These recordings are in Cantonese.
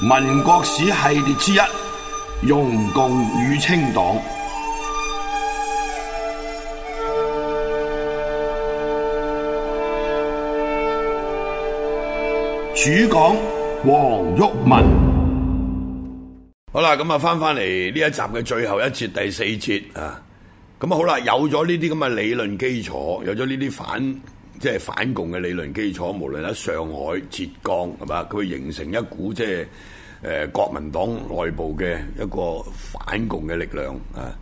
民國史系列之一，容共與清黨，主講黃毓民。好啦，咁啊，返返嚟呢一集嘅最後一節第四節啊。咁啊，好啦，有咗呢啲咁嘅理論基礎，有咗呢啲反。即係反共嘅理論基礎，無論喺上海、浙江係嘛，佢會形成一股即係誒、呃、國民黨內部嘅一個反共嘅力量啊！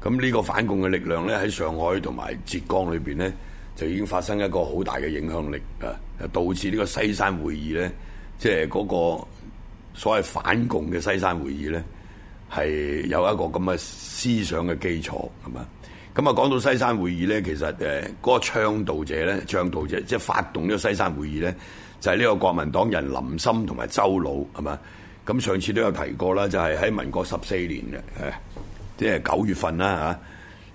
咁呢個反共嘅力量咧，喺上海同埋浙江裏邊咧，就已經發生一個好大嘅影響力啊！導致呢個西山會議咧，即係嗰個所謂反共嘅西山會議咧，係有一個咁嘅思想嘅基礎係嘛！咁啊，講到西山會議咧，其實誒嗰個倡導者咧，倡導者即係發動呢個西山會議咧，就係呢個國民黨人林森同埋鄒魯係嘛。咁上次都有提過啦，就係喺民國十四年嘅，即係九月份啦嚇。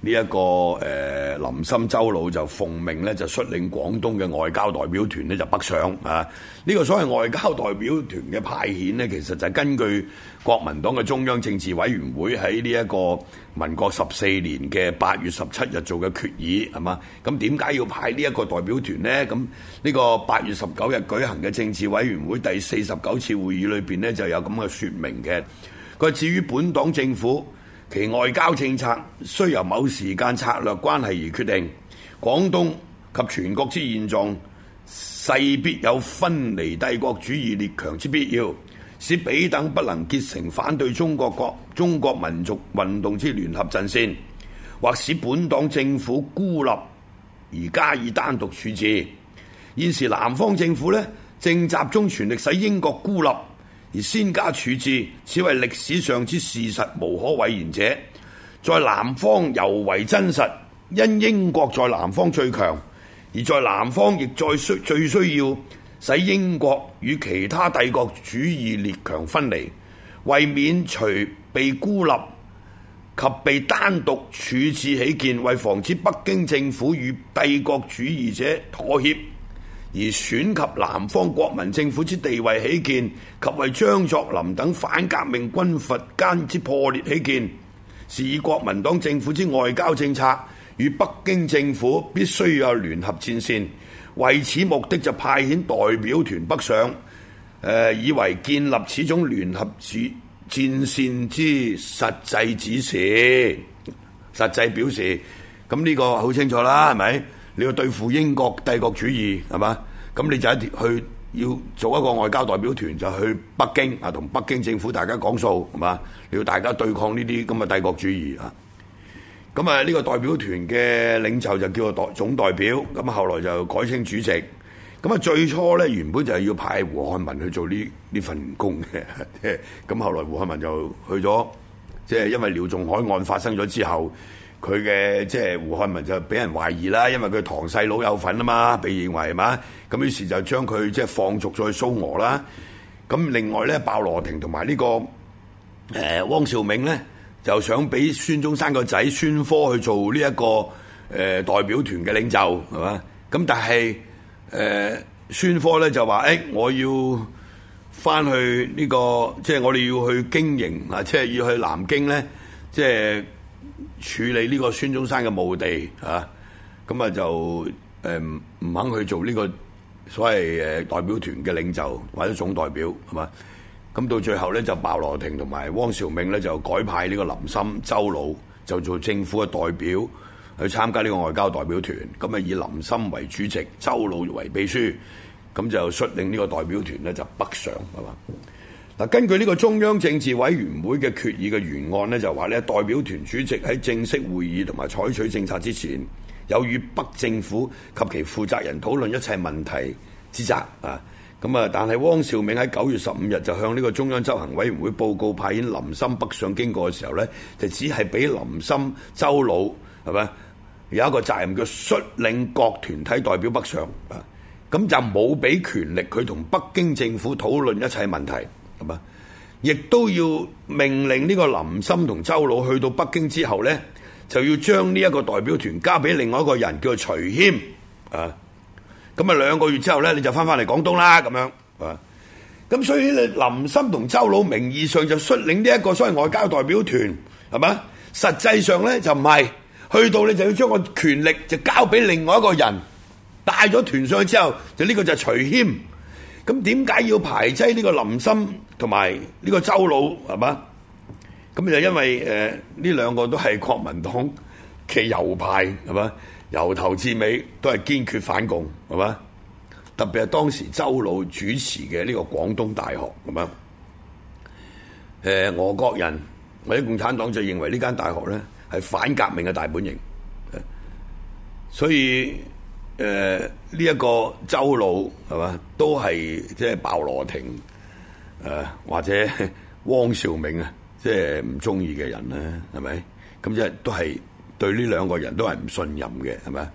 呢一，這個誒，呃、林森周老就奉命咧就率領廣東嘅外交代表團咧就北上啊！呢，這個所謂外交代表團嘅派遣咧，其實就係根據國民黨嘅中央政治委員會喺呢一個民國十四年嘅八月十七日做嘅決議，係嘛？咁點解要派呢一個代表團呢？咁呢個八月十九日舉行嘅政治委員會第四十九次會議裏邊咧就有咁嘅説明嘅。佢話至於本黨政府。其外交政策需由某時間策略關係而決定，廣東及全國之現狀，勢必有分離帝國主義列強之必要，使彼等不能結成反對中國國中國民族運動之聯合陣線，或使本黨政府孤立而加以單獨處置。現時南方政府呢，正集中全力使英國孤立。而先加處置，此為歷史上之事實，無可諱言者，在南方尤為真實。因英國在南方最強，而在南方亦再需最需要使英國與其他帝國主義列強分離，為免除被孤立及被單獨處置起見，為防止北京政府與帝國主義者妥協。而選及南方國民政府之地位起見，及為張作霖等反革命軍閥間之破裂起見，是以國民黨政府之外交政策與北京政府必須有聯合戰線。為此目的就派遣代表團北上，呃、以為建立此種聯合戰線之實際指示、實際表示，咁呢個好清楚啦，係咪？你要對付英國帝國主義係嘛？咁你就一去要做一個外交代表團，就去北京啊，同北京政府大家講數係嘛？你要大家對抗呢啲咁嘅帝國主義啊！咁啊，呢個代表團嘅領袖就叫做代總代表，咁啊後來就改稱主席。咁啊最初呢，原本就係要派胡漢民去做呢呢份工嘅，咁 後來胡漢民就去咗，即、就、係、是、因為廖仲愷案發生咗之後。佢嘅即係胡漢民就俾人懷疑啦，因為佢堂細佬有份啊嘛，被認為係嘛，咁於是就將佢即係放逐咗去蘇俄啦。咁另外咧，鮑羅廷同埋呢個誒、呃、汪兆銘咧，就想俾孫中山個仔孫科去做呢、這、一個誒、呃、代表團嘅領袖係嘛。咁但係誒孫科咧就話誒、欸、我要翻去呢、這個即係、就是、我哋要去經營嗱，即、就、係、是、要去南京咧，即、就、係、是。處理呢個孫中山嘅墓地嚇，咁啊就誒唔肯去做呢個所謂誒代表團嘅領袖或者總代表係嘛？咁到最後咧就鮑羅廷同埋汪兆銘咧就改派呢個林森、鄒魯就做政府嘅代表去參加呢個外交代表團，咁啊以林森為主席，鄒魯為秘書，咁就率領呢個代表團咧就北上係嘛？根據呢個中央政治委員會嘅決議嘅原案呢就話呢，代表團主席喺正式會議同埋採取政策之前，有與北政府及其負責人討論一切問題之責啊。咁啊，但係汪兆銘喺九月十五日就向呢個中央執行委員會報告派遣林森北上經過嘅時候呢，就只係俾林森、周老係咪有一個責任叫率領各團體代表北上啊？咁就冇俾權力佢同北京政府討論一切問題。亦都要命令呢個林森同周老去到北京之後呢，就要將呢一個代表團交俾另外一個人叫做徐謙啊。咁啊，兩個月之後呢，你就翻返嚟廣東啦，咁樣啊。咁所以呢，林森同周老名義上就率領呢一個所謂外交代表團，係嘛？實際上呢，就唔係，去到你就要將個權力就交俾另外一個人，帶咗團上去之後，就、這、呢個就係徐謙。咁點解要排擠呢個林森？同埋呢個鄒魯係嘛？咁就因為誒呢、呃、兩個都係國民黨嘅右派係嘛，由頭至尾都係堅決反共係嘛。特別係當時鄒魯主持嘅呢個廣東大學係嘛。誒，俄、呃、國人或者共產黨就認為呢間大學咧係反革命嘅大本營，所以誒呢一個鄒魯係嘛都係即係鮑羅廷。誒或者汪兆銘啊，即係唔中意嘅人咧，係咪？咁即係都係對呢兩個人都係唔信任嘅，係咪啊？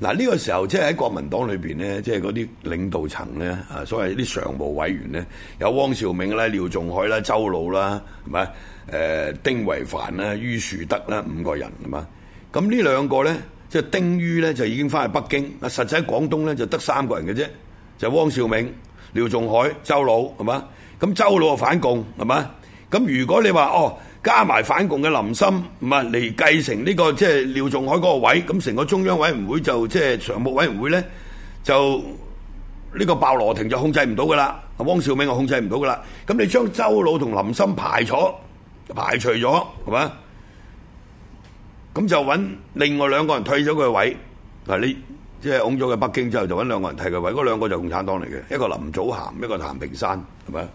嗱呢個時候即係喺國民黨裏邊咧，即係嗰啲領導層咧，啊所謂啲常務委員咧，有汪兆銘啦、廖仲愷啦、鄒魯啦，係咪？誒、呃、丁惟汾啦、于樹德啦五個人啊嘛。咁呢兩個咧，即、就、係、是、丁于咧就已經返去北京，啊實際喺廣東咧就得三個人嘅啫，就是、汪兆銘、廖仲愷、鄒魯係嘛？咁鄒魯啊反共係嘛？咁如果你話哦加埋反共嘅林森唔係嚟繼承呢、這個即係廖仲愷嗰個位，咁成個中央委員會就即係常務委員會咧，就呢、這個鮑羅廷就控制唔到噶啦，汪兆銘我控制唔到噶啦。咁你將鄒魯同林森排除排除咗係嘛？咁就揾另外兩個人退咗佢位嗱，你即係戇咗佢北京之後，就揾兩個人替佢位，嗰兩個就共產黨嚟嘅，一個林祖涵，一個譚平山係咪啊？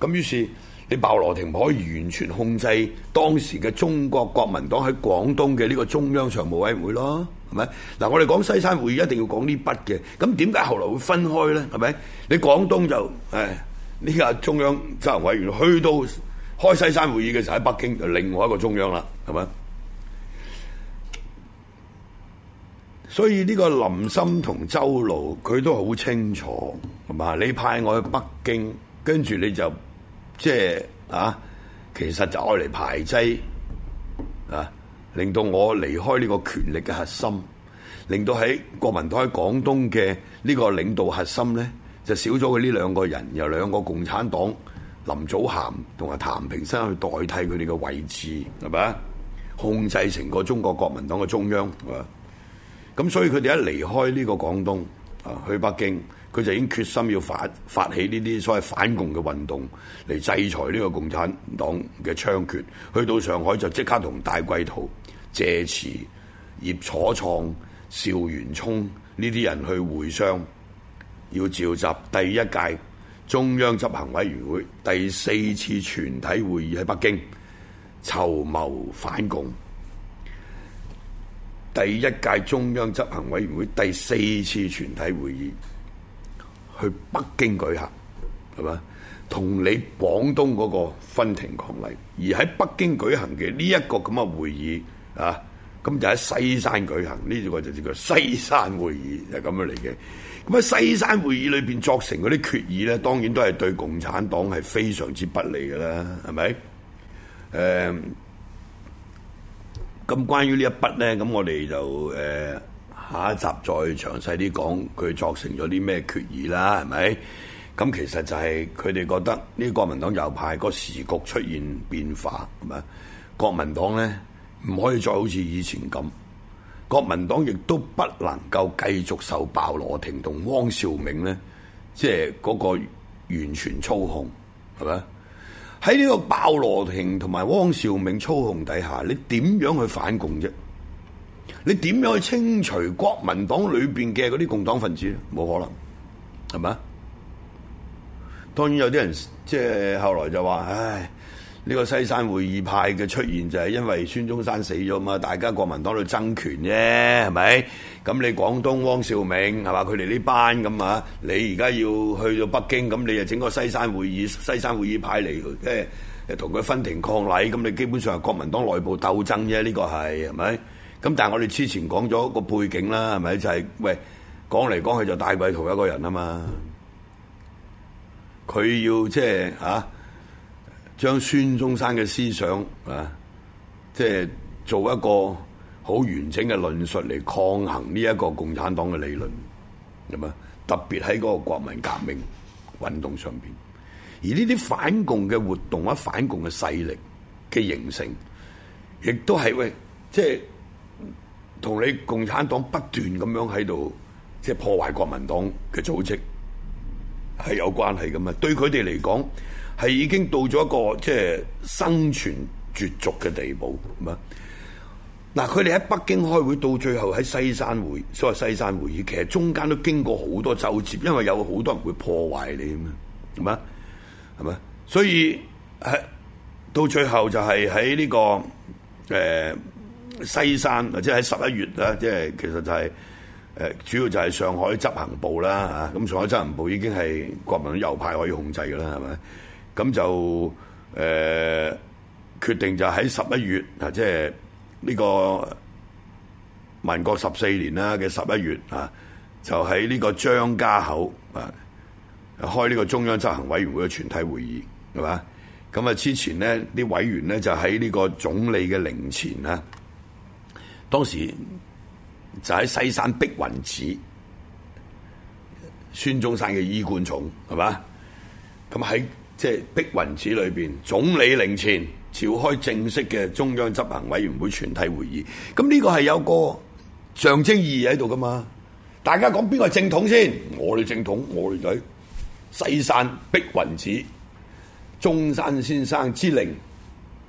咁於是你鮑羅廷唔可以完全控制當時嘅中國國民黨喺廣東嘅呢個中央常務委員會咯，係咪？嗱，我哋講西山會議一定要講呢筆嘅。咁點解後來會分開呢？係咪？你廣東就誒呢個中央執行委員去到開西山會議嘅時候喺北京，就另外一個中央啦，係咪？所以呢個林森同鄒魯佢都好清楚，係嘛？你派我去北京。跟住你就即係啊，其實就愛嚟排擠啊，令到我離開呢個權力嘅核心，令到喺國民黨喺廣東嘅呢個領導核心呢，就少咗佢呢兩個人，由兩個共產黨林祖涵同埋譚平生去代替佢哋嘅位置，係咪啊？控制成個中國國民黨嘅中央啊！咁所以佢哋一離開呢個廣東。去北京，佢就已經決心要發發起呢啲所謂反共嘅運動，嚟制裁呢個共產黨嘅猖獗。去到上海就即刻同戴季陶、謝慈、葉楚創、邵元沖呢啲人去會商，要召集第一屆中央執行委員會第四次全體會議喺北京籌謀反共。第一屆中央執行委員會第四次全體會議去北京舉行，係嘛？同你廣東嗰個分庭抗禮，而喺北京舉行嘅呢一個咁嘅會議啊，咁就喺西山舉行。呢個就叫做西山會議，就咁樣嚟嘅。咁喺西山會議裏邊作成嗰啲決議咧，當然都係對共產黨係非常之不利嘅啦，係咪？誒、嗯。咁關於呢一筆呢，咁我哋就誒、呃、下一集再詳細啲講佢作成咗啲咩決議啦，係咪？咁其實就係佢哋覺得呢，國民黨右派個時局出現變化，係咪？國民黨呢，唔可以再好似以前咁，國民黨亦都不能夠繼續受鮑羅廷同汪兆銘呢，即係嗰個完全操控，係咪？喺呢個鮑羅廷同埋汪兆銘操控底下，你點樣去反共啫？你點樣去清除國民黨裏邊嘅嗰啲共黨分子？冇可能，係咪？當然有啲人即係後來就話，唉。呢個西山會議派嘅出現就係因為孫中山死咗嘛，大家國民黨度爭權啫，係咪？咁你廣東汪兆銘係嘛？佢哋呢班咁啊，你而家要去到北京，咁你又整個西山會議，西山會議派嚟，即係同佢分庭抗禮。咁你基本上係國民黨內部鬥爭啫，呢、這個係係咪？咁但係我哋之前講咗個背景啦，係咪？就係、是、喂，講嚟講去就戴季陶一個人啊嘛，佢要即係啊。將孫中山嘅思想啊，即係做一個好完整嘅論述嚟抗衡呢一個共產黨嘅理論，咁啊，特別喺嗰個國民革命運動上邊，而呢啲反共嘅活動啊，反共嘅勢力嘅形成，亦都係喂，即係同你共產黨不斷咁樣喺度，即係破壞國民黨嘅組織。係有關係嘅嘛，對佢哋嚟講，係已經到咗一個即係生存絕續嘅地步。咁啊，嗱，佢哋喺北京開會到最後喺西山會，所謂西山會議，山會議其實中間都經過好多周折，因為有好多人會破壞你啊嘛，係嘛，係嘛，所以喺到最後就係喺呢個誒、呃、西山，或者喺十一月啦，即係其實就係、是。誒主要就係上海執行部啦嚇，咁上海執行部已經係國民右派可以控制嘅啦，係咪？咁就誒、呃、決定就喺十一月啊，即係呢個民國十四年啦嘅十一月啊，就喺呢個張家口啊開呢個中央執行委員會嘅全體會議係嘛？咁啊之前呢啲委員呢，就喺呢個總理嘅靈前啦，當時。就喺西山碧雲寺，孫中山嘅衣冠冢係嘛？咁喺即係碧雲寺裏邊總理陵前召開正式嘅中央執行委員會全體會議，咁呢個係有個象徵意義喺度噶嘛？大家講邊個係正統先？我哋正統，我哋喺西山碧雲寺，中山先生之靈。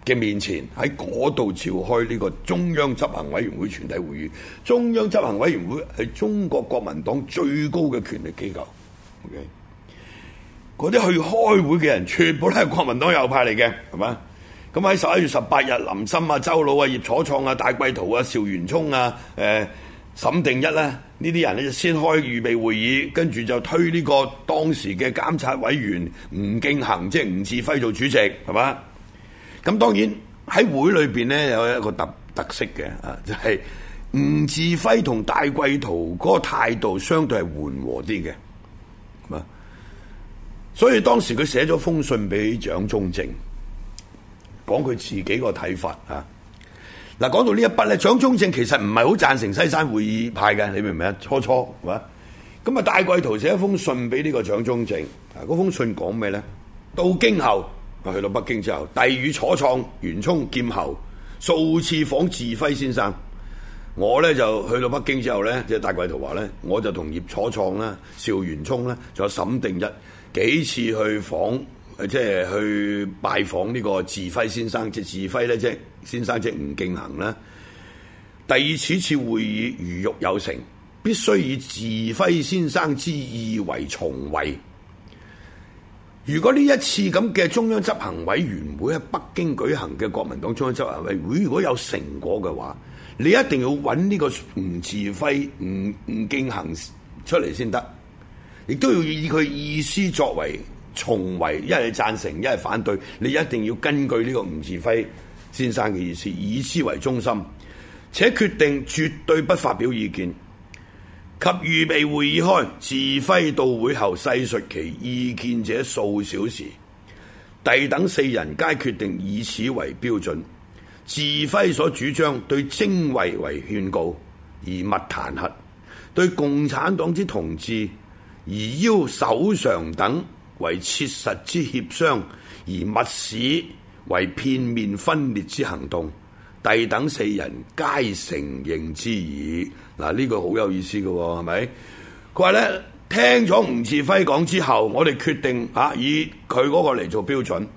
嘅面前喺嗰度召開呢個中央執行委員會全體會議，中央執行委員會係中國國民黨最高嘅權力機構。OK，嗰啲去開會嘅人全部都係國民黨右派嚟嘅，係嘛？咁喺十一月十八日，林森啊、鄒魯啊、葉楚傖啊、戴季陶啊、邵元沖啊、誒、呃、沈定一咧，呢啲人呢就先開預備會議，跟住就推呢個當時嘅監察委員吳敬恒，即係吳稚暉做主席，係嘛？咁當然喺會裏邊咧有一個特特色嘅啊，就係、是、吳稚暉同戴季陶個態度相對係緩和啲嘅，啊！所以當時佢寫咗封信俾蔣中正，講佢自己個睇法啊。嗱，講到呢一筆咧，蔣中正其實唔係好贊成西山會議派嘅，你明唔明啊？初初係嘛？咁啊，戴季陶寫一封信俾呢個蔣中正啊，嗰封信講咩咧？到今後。去到北京之後，弟與楚傖、元沖、劍侯數次訪稚暉先生。我咧就去到北京之後咧，即係戴季陶話咧，我就同葉楚傖啦、邵元沖啦，仲有沈定一幾次去訪，即係去拜訪呢個稚暉先生，即稚暉咧，即先生即吳敬恆啦。第二此次，次會議如欲有成，必須以稚暉先生之意為重圍。如果呢一次咁嘅中央執行委員會喺北京舉行嘅國民黨中央執行委會如果有成果嘅話，你一定要揾呢個吳稚暉、吳吳敬恆出嚟先得，亦都要以佢意思作為從違，一係贊成，一係反對，你一定要根據呢個吳稚暉先生嘅意思，以之為中心，且決定絕對不發表意見。及預備會議開，自輝到會後細述其意見者數小時。第等四人皆決定以此為標準。自輝所主張對精衞為勸告，而勿彈劾；對共產黨之同志而邀首長等為切實之協商，而勿使為片面分裂之行動。第等四人皆承認之矣。嗱，呢個好有意思嘅喎，係咪？佢話咧，聽咗吳稚暉講之後，我哋決定嚇、啊、以佢嗰個嚟做標準。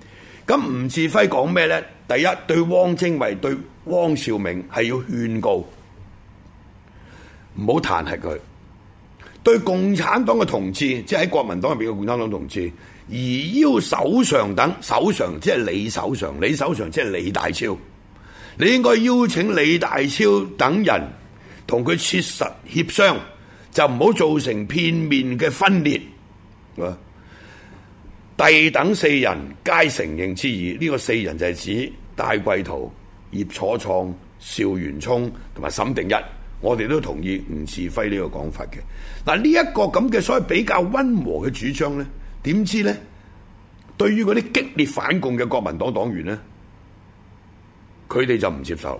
咁吳稚暉講咩咧？第一，對汪精衛、對汪兆銘係要勸告，唔好彈劾佢。對共產黨嘅同志，即係喺國民黨入邊嘅共產黨同志，而要守常等，守常即係李守常，李守常即係李大釗。你應該邀請李大超等人同佢切實協商，就唔好造成片面嘅分裂。啊，第等四人皆承認之意，呢、這個四人就係指戴季陶、葉楚傖、邵元沖同埋沈定一。我哋都同意吳稚暉呢個講法嘅。嗱，呢一個咁嘅所謂比較溫和嘅主張咧，點知咧？對於嗰啲激烈反共嘅國民黨黨員咧？佢哋就唔接受，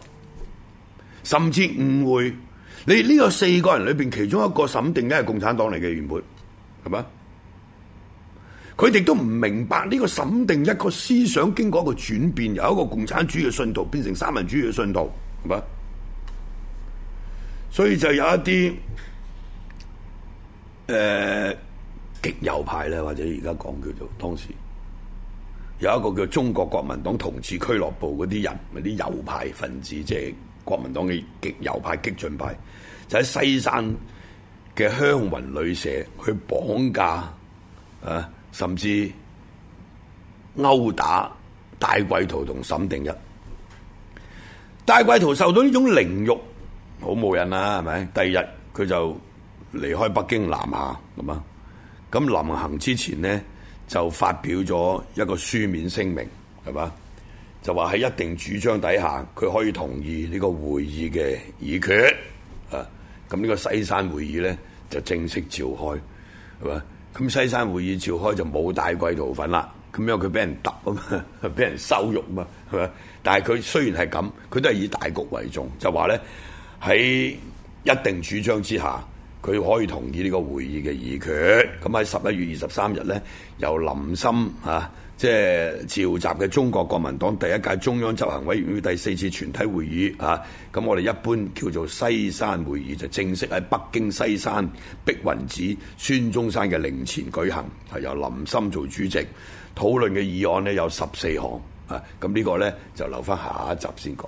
甚至誤會你呢個四個人裏邊其中一個審定嘅係共產黨嚟嘅原本，係嘛？佢哋都唔明白呢個審定一個思想經過一個轉變，由一個共產主義嘅信徒變成三民主義嘅信徒，係嘛？所以就有一啲誒極右派咧，或者而家講叫做當時。有一個叫中國國民黨同志俱樂部嗰啲人，嗰啲右派分子，即係國民黨嘅極右派激進派，就喺西山嘅香雲旅社去綁架，啊，甚至毆打戴季陶同沈定一。戴季陶受到呢種凌辱，好冇癮啦，係咪？第二日佢就離開北京南下咁啊。咁臨行之前呢。就發表咗一個書面聲明，係嘛？就話喺一定主張底下，佢可以同意呢個會議嘅議決啊。咁呢個西山會議咧就正式召開，係嘛？咁西山會議召開就冇戴季陶份啦。咁樣佢俾人揼啊嘛，俾人羞辱嘛，係嘛？但係佢雖然係咁，佢都係以大局為重，就話咧喺一定主張之下，佢可以同意呢個會議嘅議決，咁喺十一月二十三日呢，由林森啊，即係召集嘅中國國民黨第一屆中央執行委員會第四次全體會議啊，咁我哋一般叫做西山會議，就正式喺北京西山碧雲寺孫中山嘅陵前舉行，係由林森做主席，討論嘅議案呢，有十四項啊，咁呢個呢，就留翻下，下一集先講。